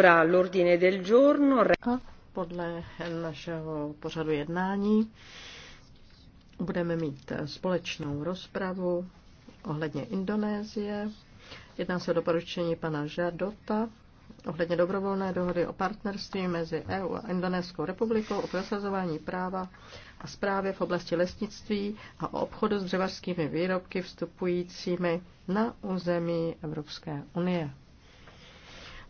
del giorno. podle našeho pořadu jednání budeme mít společnou rozpravu ohledně Indonésie. Jedná se o doporučení pana Žadota ohledně dobrovolné dohody o partnerství mezi EU a Indonéskou republikou o prosazování práva a zprávě v oblasti lesnictví a o obchodu s dřevařskými výrobky vstupujícími na území Evropské unie.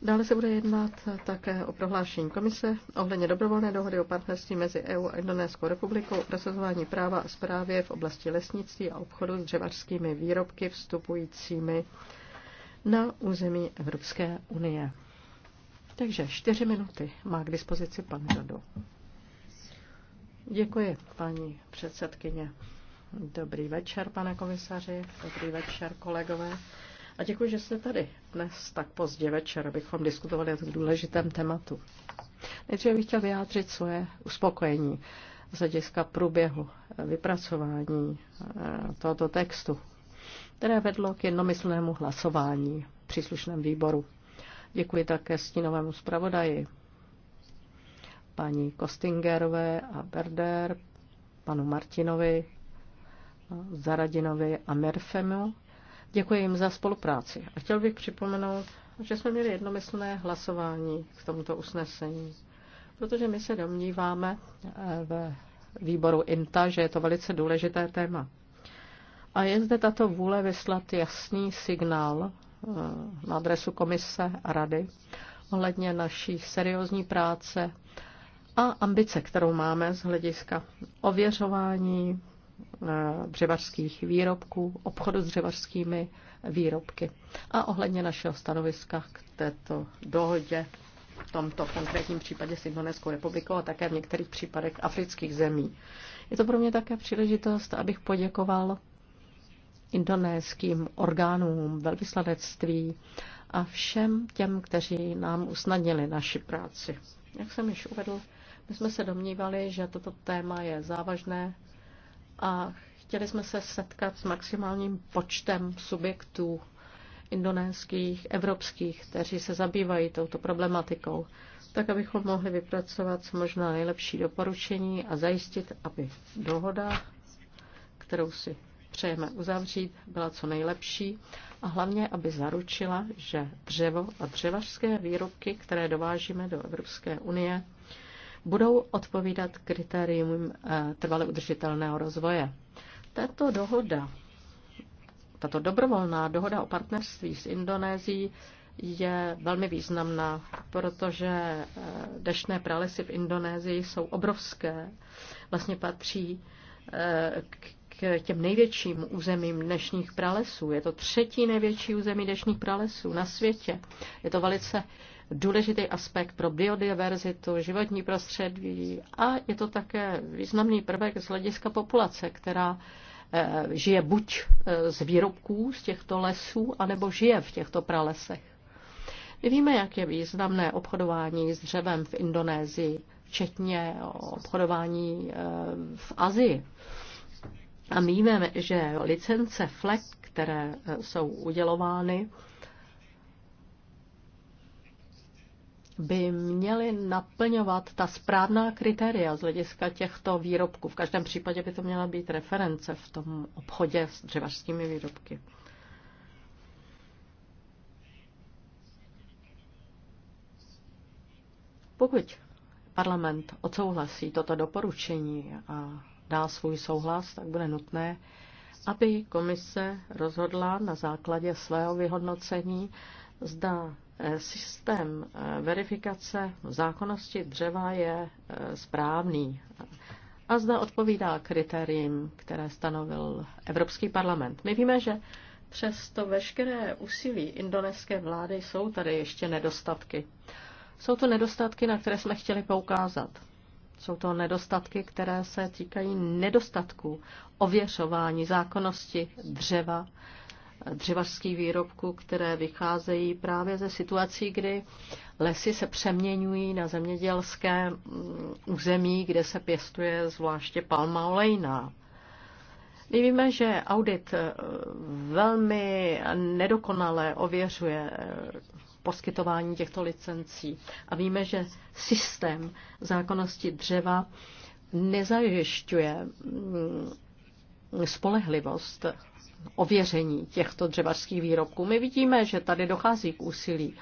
Dále se bude jednat také o prohlášení komise ohledně dobrovolné dohody o partnerství mezi EU a Indonéskou republikou prosazování práva a zprávě v oblasti lesnictví a obchodu s dřevařskými výrobky vstupujícími na území Evropské unie. Takže čtyři minuty má k dispozici pan Řadu. Děkuji, paní předsedkyně. Dobrý večer, pane komisaři. Dobrý večer, kolegové. A děkuji, že jste tady dnes tak pozdě večer, abychom diskutovali o tom důležitém tématu. Nejdříve bych chtěl vyjádřit svoje uspokojení z hlediska průběhu vypracování eh, tohoto textu, které vedlo k jednomyslnému hlasování v příslušném výboru. Děkuji také stínovému zpravodaji, paní Kostingerové a Berder, panu Martinovi, Zaradinovi a Merfemu Děkuji jim za spolupráci. A chtěl bych připomenout, že jsme měli jednomyslné hlasování k tomuto usnesení, protože my se domníváme eh, v výboru INTA, že je to velice důležité téma. A je zde tato vůle vyslat jasný signál eh, na adresu komise a rady ohledně naší seriózní práce a ambice, kterou máme z hlediska ověřování Eh, dřevařských výrobků, obchodu s dřevařskými výrobky a ohledně našeho stanoviska k této dohodě v tomto konkrétním případě s Indonéskou republikou a také v některých případech afrických zemí. Je to pro mě také příležitost, abych poděkoval indonéským orgánům, velvyslanectví a všem těm, kteří nám usnadnili naši práci. Jak jsem již uvedl, my jsme se domnívali, že toto téma je závažné a chtěli jsme se setkat s maximálním počtem subjektů indonéských, evropských, kteří se zabývají touto problematikou, tak abychom mohli vypracovat možná nejlepší doporučení a zajistit, aby dohoda, kterou si přejeme uzavřít, byla co nejlepší a hlavně, aby zaručila, že dřevo a dřevařské výrobky, které dovážíme do Evropské unie, budou odpovídat kritérium eh, trvale udržitelného rozvoje. Tato dohoda, tato dobrovolná dohoda o partnerství s Indonésií je velmi významná, protože eh, dešné pralesy v Indonésii jsou obrovské. Vlastně patří eh, k těm největším územím dnešních pralesů. Je to třetí největší území dešních pralesů na světě. Je to velice důležitý aspekt pro biodiverzitu, životní prostředí a je to také významný prvek z hlediska populace, která eh, žije buď eh, z výrobků z těchto lesů, anebo žije v těchto pralesech. My víme, jak je významné obchodování s dřevem v Indonésii, včetně obchodování eh, v Azii. A my víme, že licence FLEC, které jsou udělovány, by měly naplňovat ta správná kritéria z hlediska těchto výrobků. V každém případě by to měla být reference v tom obchodě s dřevařskými výrobky. Pokud parlament odsouhlasí toto doporučení a dá svůj souhlas, tak bude nutné aby komise rozhodla na základě svého vyhodnocení, zda eh, systém eh, verifikace zákonnosti dřeva je eh, správný a zda odpovídá kritériím, které stanovil Evropský parlament. My víme, že přesto veškeré úsilí indonéské vlády jsou tady ještě nedostatky. Jsou to nedostatky, na které jsme chtěli poukázat. Jsou to nedostatky, které se týkají nedostatků, ověřování zákonnosti dřeva, dřevařských výrobků, které vycházejí právě ze situací, kdy lesy se přeměňují na zemědělské mm, území, kde se pěstuje zvláště palma olejná. My víme, že audit eh, velmi nedokonale ověřuje eh, poskytování těchto licencí. A víme, že systém zákonnosti dřeva nezajišťuje mm, spolehlivost ověření těchto dřevařských výrobků. My vidíme, že tady dochází k úsilí.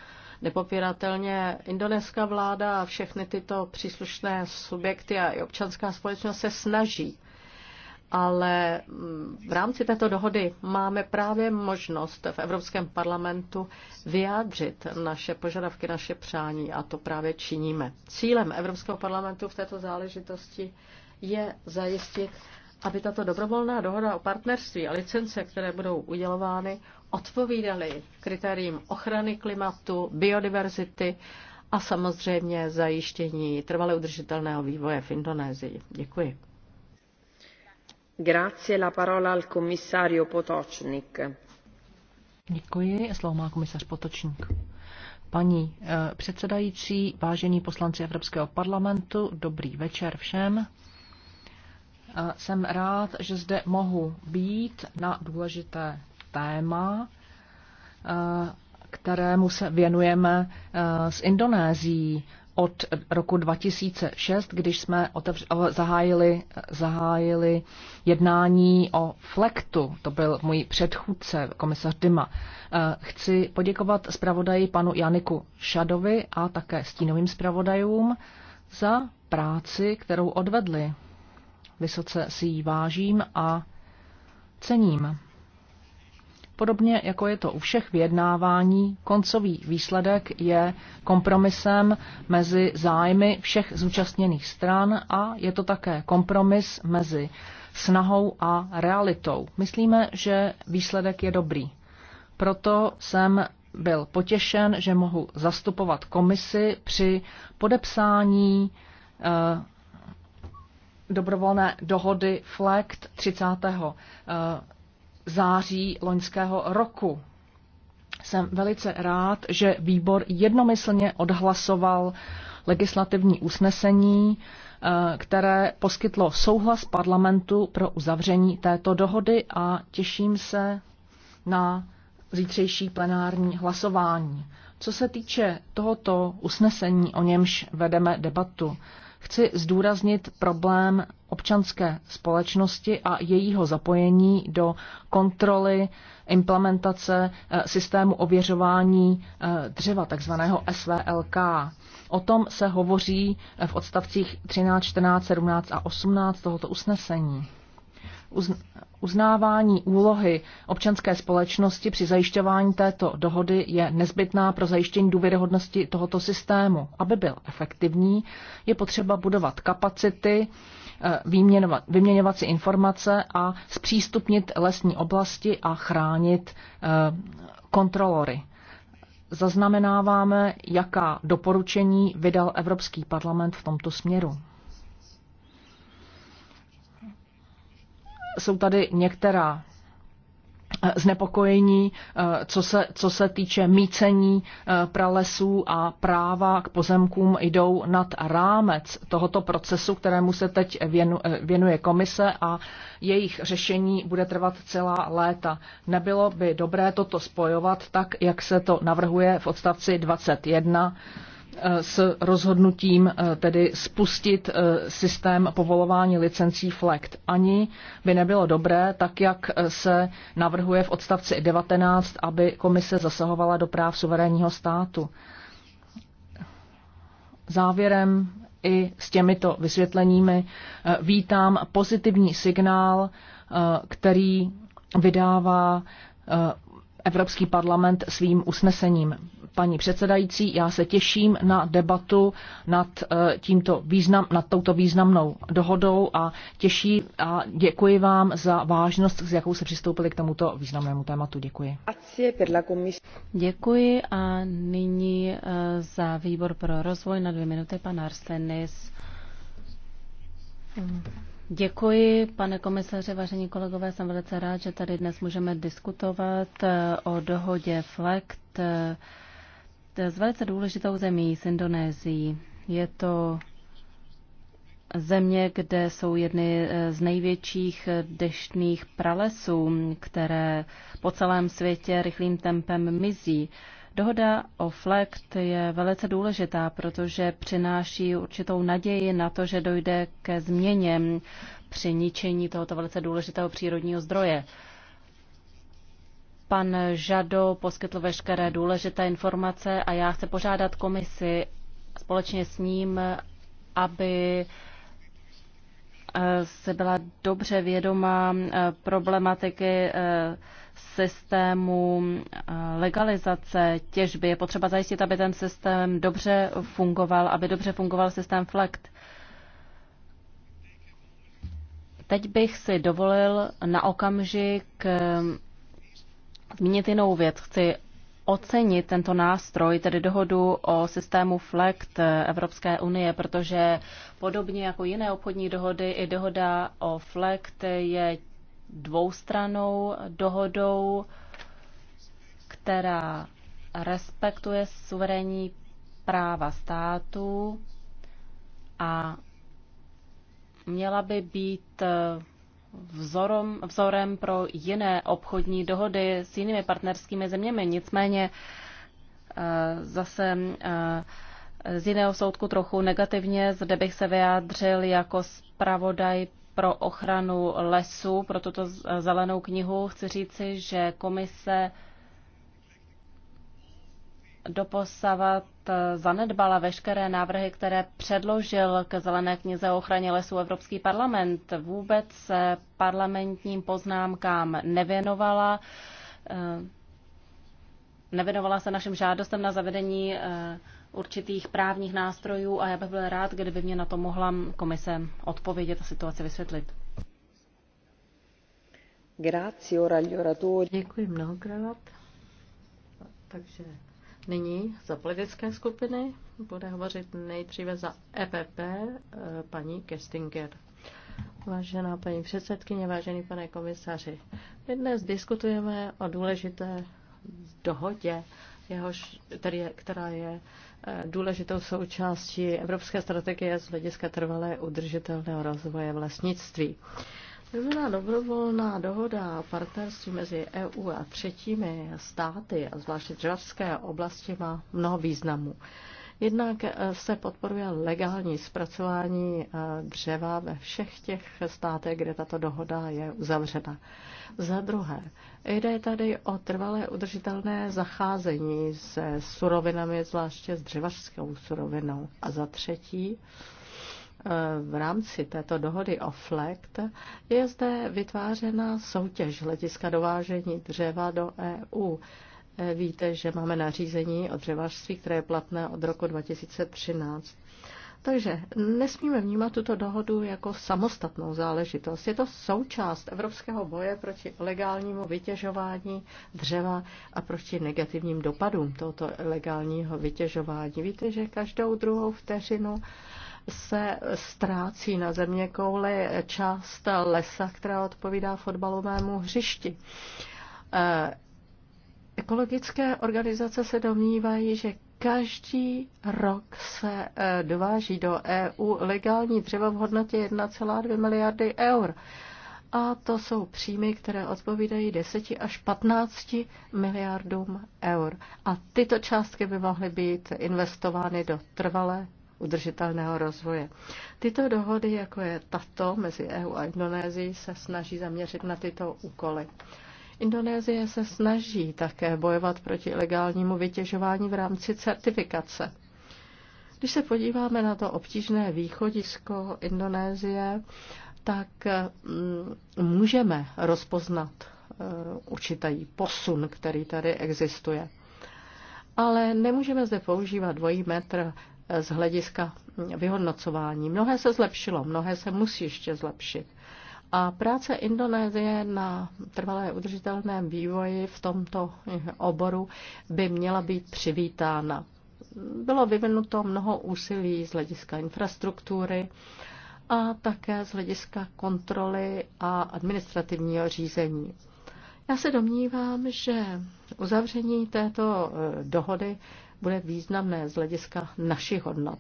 Nepopiratelně indonéská vláda a všechny tyto příslušné subjekty a i občanská společnost se snaží ale mm, v rámci této dohody máme právě možnost v Evropském parlamentu vyjádřit naše požadavky, naše přání a to právě činíme. Cílem Evropského parlamentu v této záležitosti je zajistit, aby tato dobrovolná dohoda o partnerství a licence, které budou udělovány, odpovídaly kritériím ochrany klimatu, biodiverzity a samozřejmě zajištění trvale udržitelného vývoje v Indonésii. Děkuji. Děkuji. Paní eh, předsedající, vážení poslanci Evropského parlamentu, dobrý večer všem. Eh, jsem rád, že zde mohu být na důležité téma, eh, kterému se věnujeme s Indonésií od roku 2006, když jsme otevř- eh, zahájili, zahájili jednání o flektu, to byl můj předchůdce, komisař Dima. Eh, chci poděkovat zpravodaji panu Janiku Šadovi a také stínovým zpravodajům za práci, kterou odvedli. Vysoce si ji vážím a cením. Podobně jako je to u všech vyjednávání, koncový výsledek je kompromisem mezi zájmy všech zúčastněných stran a je to také kompromis mezi snahou a realitou. Myslíme, že výsledek je dobrý. Proto jsem byl potěšen, že mohu zastupovat komisi při podepsání eh, dobrovolné dohody FLECT 30. Eh, září loňského roku. Jsem velice rád, že výbor jednomyslně odhlasoval legislativní usnesení, eh, které poskytlo souhlas parlamentu pro uzavření této dohody a těším se na zítřejší plenární hlasování. Co se týče tohoto usnesení, o němž vedeme debatu, chci zdůraznit problém občanské společnosti a jejího zapojení do kontroly implementace eh, systému ověřování eh, dřeva, takzvaného SVLK. O tom se hovoří eh, v odstavcích 13, 14, 17 a 18 tohoto usnesení uznávání úlohy občanské společnosti při zajišťování této dohody je nezbytná pro zajištění důvěryhodnosti tohoto systému. Aby byl efektivní, je potřeba budovat kapacity Eh, výměnovat, vyměňovat si informace a zpřístupnit lesní oblasti a chránit eh, kontrolory. Zaznamenáváme, jaká doporučení vydal Evropský parlament v tomto směru. Jsou tady některá Eh, znepokojení, eh, co se, co se týče mícení eh, pralesů a práva k pozemkům jdou nad rámec tohoto procesu, kterému se teď věnuje komise a jejich řešení bude trvat celá léta. Nebylo by dobré toto spojovat tak, jak se to navrhuje v odstavci 21 Eh, s rozhodnutím eh, tedy spustit eh, systém povolování licencí FLECT. Ani by nebylo dobré, tak jak se navrhuje v odstavci 19, aby komise zasahovala do práv suverénního státu. Závěrem i s těmito vysvětleními vítám pozitivní signál, který vydává Evropský parlament svým usnesením paní předsedající, já se těším na debatu nad, eh, tímto význam, nad touto významnou dohodou a těší a děkuji vám za vážnost, s jakou se přistoupili k tomuto významnému tématu. Děkuji. Děkuji a nyní eh, za výbor pro rozvoj na dvě minuty pan Arsenis. Děkuji, pane komisaři, vážení kolegové. Jsem velice rád, že tady dnes můžeme diskutovat eh, o dohodě FLECT s velice důležitou zemí, s Indonésií. Je to země, kde jsou jedny eh, z největších eh, deštných pralesů, které po celém světě rychlým tempem mizí. Dohoda o FLECT je velice důležitá, protože přináší určitou naději na to, že dojde ke změně při ničení tohoto velice důležitého přírodního zdroje. Pan Žado poskytl veškeré důležité informace a já chci požádat komisi společně s ním, aby eh, se byla dobře vědoma eh, problematiky eh, systému legalizace těžby. Je potřeba zajistit, aby ten systém dobře fungoval, aby dobře fungoval systém FLECT. Teď bych si dovolil na okamžik zmínit jinou věc. Chci ocenit tento nástroj, tedy dohodu o systému FLECT Evropské unie, protože podobně jako jiné obchodní dohody, i dohoda o FLECT je dvoustranou dohodou, která respektuje suverénní práva státu a měla by být vzorom, vzorem pro jiné obchodní dohody s jinými partnerskými zeměmi. Nicméně eh, zase eh, z jiného soudku trochu negativně. Zde bych se vyjádřil jako zpravodaj pro ochranu lesů, pro tuto zelenou knihu. Chci říci, že komise doposavat eh, zanedbala veškeré návrhy, které předložil ke Zelené knize o ochraně lesů Evropský parlament. Vůbec se parlamentním poznámkám nevěnovala. Eh, nevěnovala se našim žádostem na zavedení eh, určitých právních nástrojů a já bych byl rád, kdyby mě na to mohla komise odpovědět a situaci vysvětlit. Děkuji mnohokrát. Takže Nyní za politické skupiny bude hovořit nejdříve za EPP eh, paní Kestinger. Vážená paní předsedkyně, vážený pane komisaři, my dnes diskutujeme o důležité dohodě, jehož, tedy, která je eh, důležitou součástí Evropské strategie z hlediska trvalé udržitelného rozvoje vlastnictví. Takzvaná dobrovolná dohoda o partnerství mezi EU a třetími státy, a zvláště dřevařské oblasti, má mnoho významů. Jednak eh, se podporuje legální zpracování eh, dřeva ve všech těch státech, kde tato dohoda je uzavřena. Za druhé, jde tady o trvalé udržitelné zacházení se surovinami, zvláště s dřevařskou surovinou. A za třetí, v rámci této dohody o FLECT je zde vytvářena soutěž hlediska dovážení dřeva do EU. Víte, že máme nařízení o dřevařství, které je platné od roku 2013. Takže nesmíme vnímat tuto dohodu jako samostatnou záležitost. Je to součást evropského boje proti legálnímu vytěžování dřeva a proti negativním dopadům tohoto legálního vytěžování. Víte, že každou druhou vteřinu se ztrácí na země kouli část lesa, která odpovídá fotbalovému hřišti. E, ekologické organizace se domnívají, že každý rok se e, dováží do EU legální dřevo v hodnotě 1,2 miliardy eur. A to jsou příjmy, které odpovídají 10 až 15 miliardům eur. A tyto částky by mohly být investovány do trvalé udržitelného rozvoje. Tyto dohody, jako je tato mezi EU a Indonésií, se snaží zaměřit na tyto úkoly. Indonésie se snaží také bojovat proti ilegálnímu vytěžování v rámci certifikace. Když se podíváme na to obtížné východisko Indonésie, tak mm, můžeme rozpoznat eh, určitý posun, který tady existuje. Ale nemůžeme zde používat dvojí metr z hlediska vyhodnocování. Mnohé se zlepšilo, mnohé se musí ještě zlepšit. A práce Indonésie na trvalé udržitelném vývoji v tomto oboru by měla být přivítána. Bylo vyvinuto mnoho úsilí z hlediska infrastruktury a také z hlediska kontroly a administrativního řízení. Já se domnívám, že uzavření této eh, dohody bude významné z hlediska našich hodnot.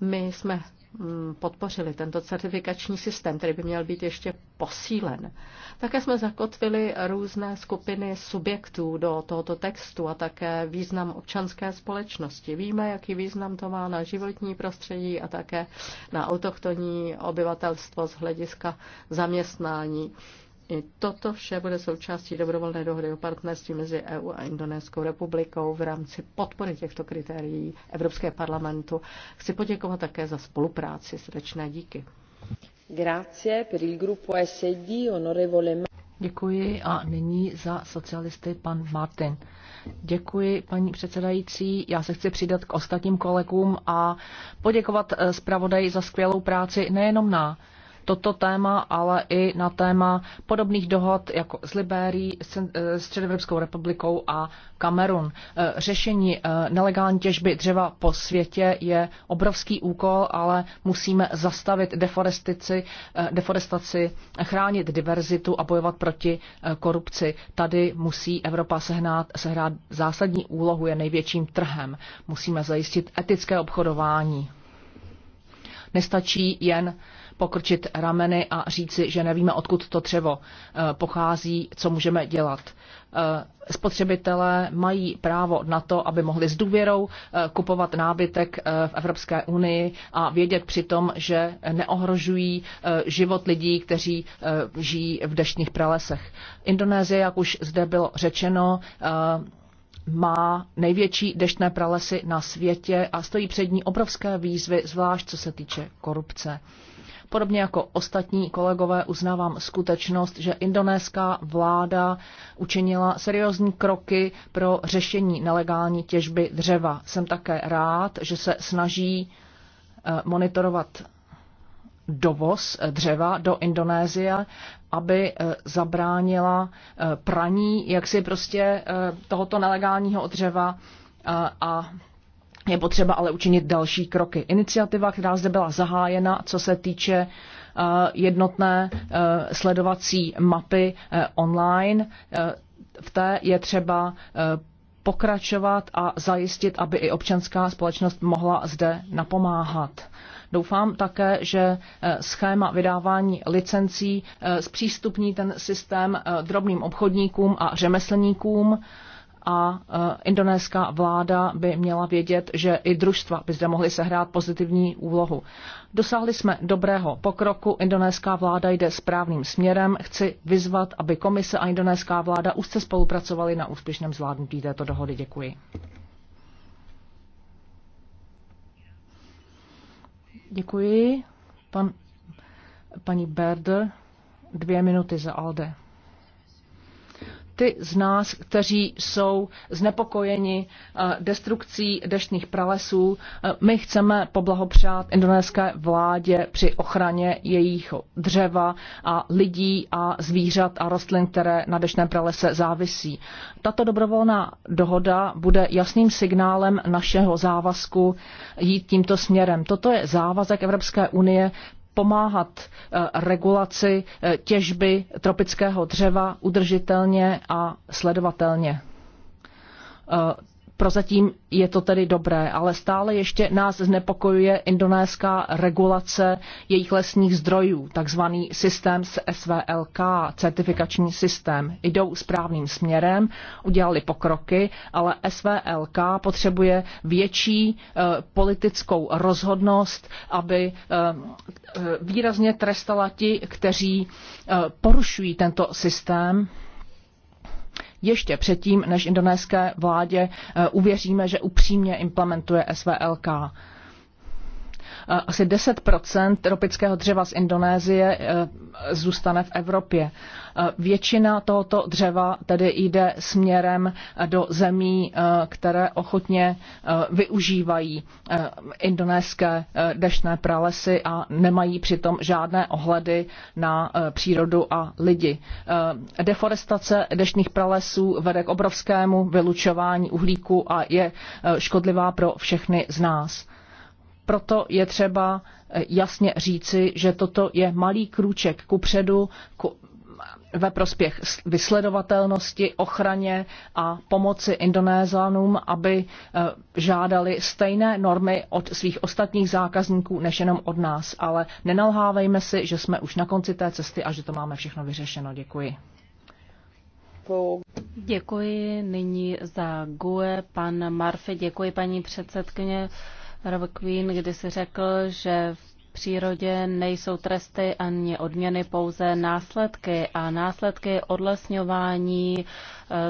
My jsme mm, podpořili tento certifikační systém, který by měl být ještě posílen. Také jsme zakotvili různé skupiny subjektů do tohoto textu a také význam občanské společnosti. Víme, jaký význam to má na životní prostředí a také na autochtonní obyvatelstvo z hlediska zaměstnání. I toto vše bude součástí dobrovolné dohody o partnerství mezi EU a Indonéskou republikou v rámci podpory těchto kritérií Evropské parlamentu. Chci poděkovat také za spolupráci. Srdečné díky. Grazie per il gruppo SD, onorevole... Děkuji a nyní za socialisty pan Martin. Děkuji, paní předsedající. Já se chci přidat k ostatním kolegům a poděkovat eh, zpravodaji za skvělou práci nejenom na toto téma, ale i na téma podobných dohod jako s Libérií, eh, Středoevropskou republikou a Kamerun. Eh, řešení eh, nelegální těžby dřeva po světě je obrovský úkol, ale musíme zastavit deforestaci, deforestaci chránit diverzitu a bojovat proti korupci. Tady musí Evropa sehnát, sehrát zásadní úlohu, je největším trhem. Musíme zajistit etické obchodování. Nestačí jen pokrčit rameny a říci, že nevíme, odkud to třevo eh, pochází, co můžeme dělat. Eh, spotřebitelé mají právo na to, aby mohli s důvěrou eh, kupovat nábytek v Evropské unii a vědět přitom, že neohrožují život lidí, kteří žijí v deštných pralesech. Indonésie, jak už zde bylo řečeno, má největší deštné pralesy na světě a stojí před ní obrovské výzvy, zvlášť co se týče korupce. Podobně jako ostatní kolegové uznávám skutečnost, že indonéská vláda učinila seriózní kroky pro řešení nelegální těžby dřeva. Jsem také rád, že se snaží eh, monitorovat dovoz eh, dřeva do Indonésie, aby eh, zabránila praní jaksi prostě tohoto nelegálního dřeva a je potřeba ale učinit další kroky. Iniciativa, která zde byla zahájena, co se týče eh, jednotné eh, sledovací mapy eh, online, v té je třeba pokračovat a zajistit, aby i občanská společnost mohla zde napomáhat. Doufám také, že schéma vydávání licencí zpřístupní ten systém drobným obchodníkům a řemeslníkům a e, indonéská vláda by měla vědět, že i družstva by zde mohly sehrát pozitivní úlohu. Dosáhli jsme dobrého pokroku, indonéská vláda jde správným směrem. Chci vyzvat, aby komise a indonéská vláda úzce spolupracovali na úspěšném zvládnutí této dohody. Děkuji. Děkuji. Pan, paní Berder, dvě minuty za ALDE ty z nás, kteří jsou znepokojeni eh, destrukcí deštných pralesů. Eh, my chceme poblahopřát indonéské vládě při ochraně jejich dřeva a lidí a zvířat a rostlin, které na deštném pralese závisí. Tato dobrovolná dohoda bude jasným signálem našeho závazku jít tímto směrem. Toto je závazek Evropské unie pomáhat eh, regulaci eh, těžby tropického dřeva udržitelně a sledovatelně eh, Prozatím je to tedy dobré, ale stále ještě nás znepokojuje indonéská regulace jejich lesních zdrojů, takzvaný systém s SVLK, certifikační systém. Jdou správným směrem, udělali pokroky, ale SVLK potřebuje větší eh, politickou rozhodnost, aby eh, eh, výrazně trestala ti, kteří porušují tento systém ještě předtím, než indonéské vládě eh, uvěříme, že upřímně implementuje SVLK. Eh, asi 10 tropického dřeva z Indonésie eh, zůstane v Evropě. Eh, většina tohoto dřeva tedy jde směrem do zemí, které ochotně využívají indonéské deštné pralesy a nemají přitom žádné ohledy na přírodu a lidi. Deforestace deštných pralesů vede k obrovskému vylučování uhlíku a je škodlivá pro všechny z nás. Proto je třeba eh, jasně říci, že toto je malý krůček ku předu ku, ve prospěch vysledovatelnosti, ochraně a pomoci Indonézanům, aby eh, žádali stejné normy od svých ostatních zákazníků, než jenom od nás. Ale nenalhávejme si, že jsme už na konci té cesty a že to máme všechno vyřešeno. Děkuji. Děkuji nyní za GUE, pan Marfe, děkuji paní předsedkyně. Rob Queen, kdy si řekl, že v přírodě nejsou tresty ani odměny, pouze následky. A následky odlesňování e,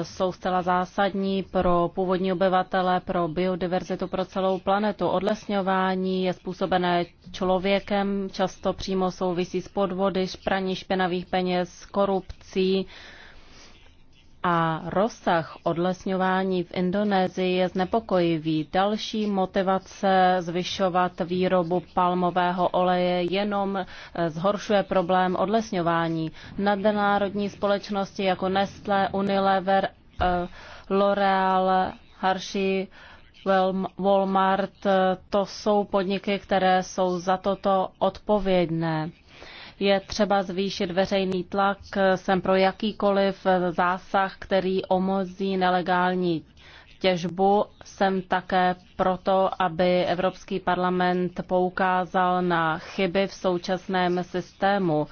jsou zcela zásadní pro původní obyvatele, pro biodiverzitu, pro celou planetu. Odlesňování je způsobené člověkem, často přímo souvisí s podvody, špraní špinavých peněz, korupcí a rozsah odlesňování v Indonésii je znepokojivý. Další motivace zvyšovat výrobu palmového oleje jenom eh, zhoršuje problém odlesňování. Nadnárodní společnosti jako Nestlé, Unilever, eh, L'Oreal, Harshi, Walmart, eh, to jsou podniky, které jsou za toto odpovědné. Je třeba zvýšit veřejný tlak sem pro jakýkoliv zásah, který omozí nelegální těžbu. Jsem také proto, aby Evropský parlament poukázal na chyby v současném systému.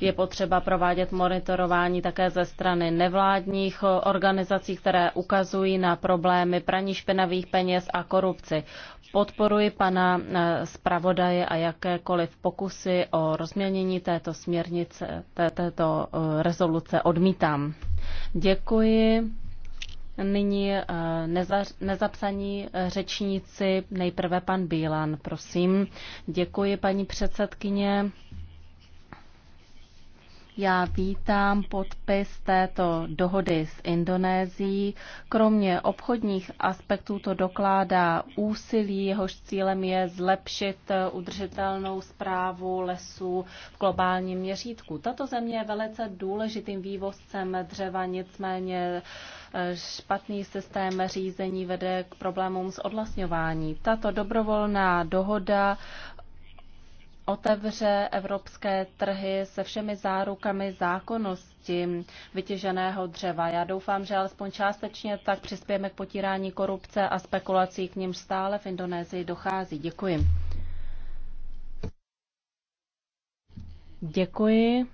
Je potřeba provádět monitorování také ze strany nevládních organizací, které ukazují na problémy praní špinavých peněz a korupci. Podporuji pana eh, zpravodaje a jakékoliv pokusy o rozměnění této směrnice, této eh, rezoluce odmítám. Děkuji. Nyní eh, nezapsaní řečníci, nejprve pan Bílan, prosím. Děkuji, paní předsedkyně. Já vítám podpis této dohody s Indonésií. Kromě obchodních aspektů to dokládá úsilí, jehož cílem je zlepšit eh, udržitelnou zprávu lesů v globálním měřítku. Tato země je velice důležitým vývozcem dřeva, nicméně eh, špatný systém řízení vede k problémům s odlasňování. Tato dobrovolná dohoda otevře evropské trhy se všemi zárukami zákonnosti vytěženého dřeva. Já doufám, že alespoň částečně tak přispějeme k potírání korupce a spekulací, k nímž stále v Indonésii dochází. Děkuji. Děkuji.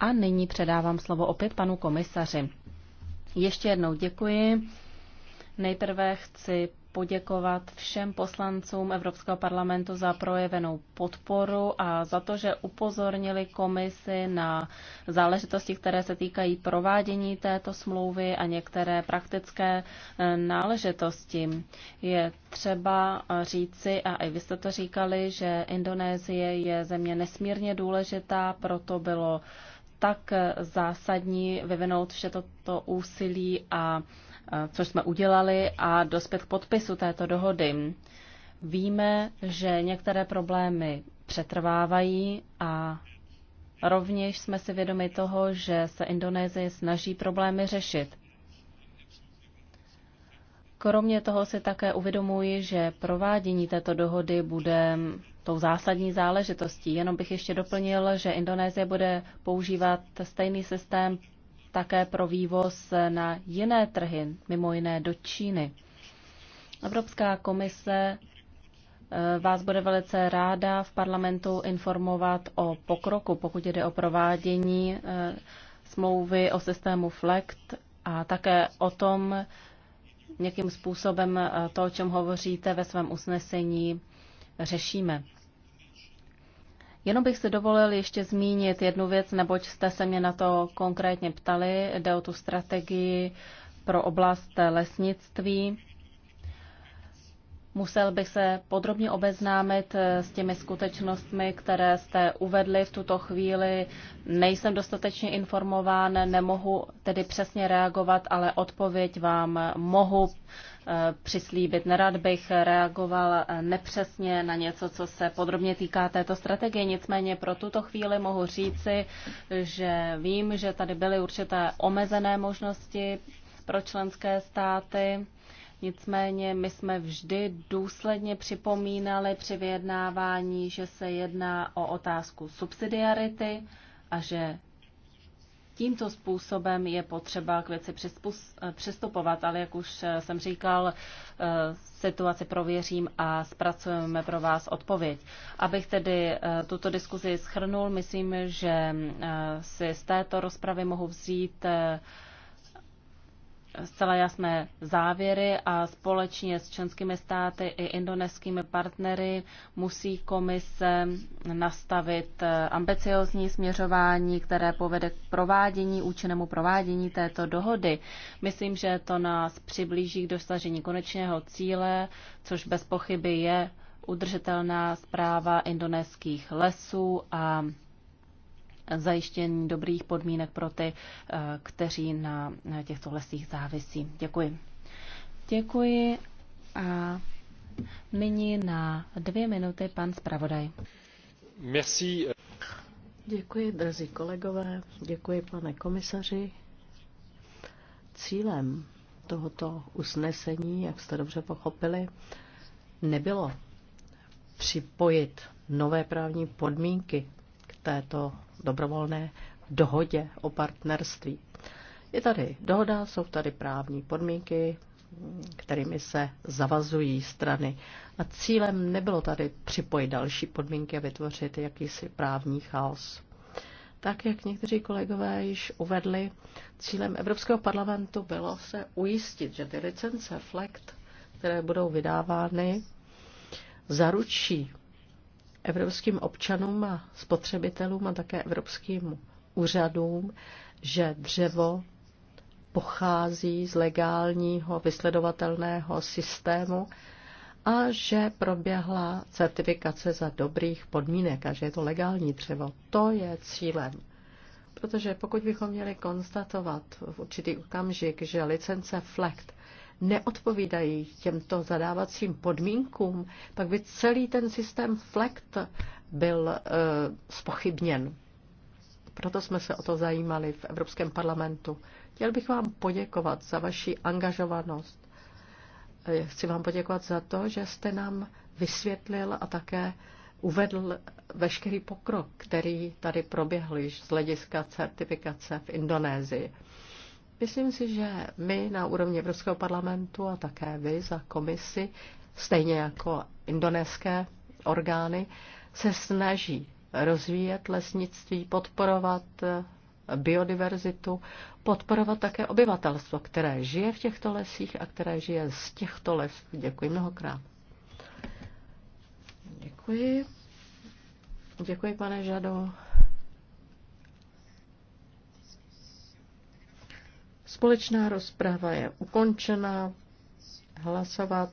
A nyní předávám slovo opět panu komisaři. Ještě jednou děkuji. Nejprve chci poděkovat všem poslancům Evropského parlamentu za projevenou podporu a za to, že upozornili komisi na záležitosti, které se týkají provádění této smlouvy a některé praktické eh, náležitosti. Je třeba říci, a i vy jste to říkali, že Indonésie je země nesmírně důležitá, proto bylo tak zásadní vyvinout vše toto úsilí a Eh, což jsme udělali, a dospět k podpisu této dohody. Víme, že některé problémy přetrvávají a rovněž jsme si vědomi toho, že se Indonésie snaží problémy řešit. Kromě toho si také uvědomuji, že provádění této dohody bude tou zásadní záležitostí. Jenom bych ještě doplnil, že Indonésie bude používat stejný systém také pro vývoz na jiné trhy, mimo jiné do Číny. Evropská komise eh, vás bude velice ráda v parlamentu informovat o pokroku, pokud jde o provádění eh, smlouvy o systému FLECT a také o tom, jakým způsobem eh, to, o čem hovoříte ve svém usnesení, řešíme. Jenom bych si dovolil ještě zmínit jednu věc, neboť jste se mě na to konkrétně ptali. Jde o tu strategii pro oblast lesnictví. Musel bych se podrobně obeznámit s těmi skutečnostmi, které jste uvedli v tuto chvíli. Nejsem dostatečně informován, nemohu tedy přesně reagovat, ale odpověď vám mohu přislíbit. Nerad bych reagoval nepřesně na něco, co se podrobně týká této strategie. Nicméně pro tuto chvíli mohu říci, že vím, že tady byly určité omezené možnosti pro členské státy. Nicméně my jsme vždy důsledně připomínali při vyjednávání, že se jedná o otázku subsidiarity a že Tímto způsobem je potřeba k věci přistupovat, ale jak už eh, jsem říkal, eh, situaci prověřím a zpracujeme pro vás odpověď. Abych tedy eh, tuto diskuzi schrnul, myslím, že si z této rozpravy mohu vzít zcela jasné závěry a společně s členskými státy i indoneskými partnery musí komise nastavit eh, ambiciozní směřování, které povede k provádění, účinnému provádění této dohody. Myslím, že to nás přiblíží k dosažení konečného cíle, což bez pochyby je udržitelná zpráva indonéských lesů a zajištění dobrých podmínek pro ty, eh, kteří na těchto lesích závisí. Děkuji. Děkuji a nyní na dvě minuty pan zpravodaj. Merci. Děkuji, drazí kolegové, děkuji, pane komisaři. Cílem tohoto usnesení, jak jste dobře pochopili, nebylo připojit nové právní podmínky k této dobrovolné dohodě o partnerství. Je tady dohoda, jsou tady právní podmínky, kterými se zavazují strany. A cílem nebylo tady připojit další podmínky a vytvořit jakýsi právní chaos. Tak, jak někteří kolegové již uvedli, cílem Evropského parlamentu bylo se ujistit, že ty licence FLECT, které budou vydávány, zaručí evropským občanům a spotřebitelům a také evropským úřadům, že dřevo pochází z legálního vysledovatelného systému a že proběhla certifikace za dobrých podmínek a že je to legální dřevo. To je cílem. Protože pokud bychom měli konstatovat v určitý okamžik, že licence FLECT neodpovídají těmto zadávacím podmínkům, pak by celý ten systém FLECT byl e, spochybněn. Proto jsme se o to zajímali v Evropském parlamentu. Chtěl bych vám poděkovat za vaši angažovanost. Eh, chci vám poděkovat za to, že jste nám vysvětlil a také uvedl veškerý pokrok, který tady proběhl již z hlediska certifikace v Indonésii. Myslím si, že my na úrovni Evropského parlamentu a také vy za komisi, stejně jako indonéské orgány, se snaží rozvíjet lesnictví, podporovat eh, biodiverzitu, podporovat také obyvatelstvo, které žije v těchto lesích a které žije z těchto lesů. Děkuji mnohokrát. Děkuji. Děkuji, pane Žado. Společná rozprava je ukončena. Hlasovat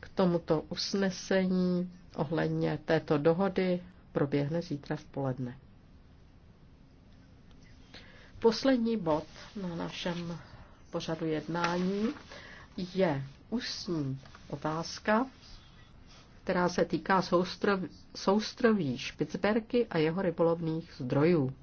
k tomuto usnesení ohledně této dohody proběhne zítra v poledne. Poslední bod na našem pořadu jednání je ústní otázka, která se týká soustroví, soustroví Špicberky a jeho rybolovných zdrojů.